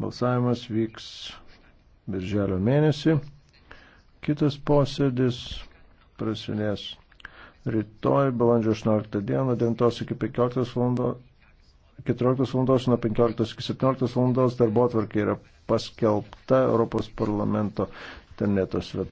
Balsavimas vyks birželio mėnesį. Kitas posėdis prasidės rytoj, balandžio 18 dieną, 9 iki 15 val. 14 val. nuo 15 iki 17 val. darbo tvarkė yra paskelbta Europos parlamento interneto svetainė.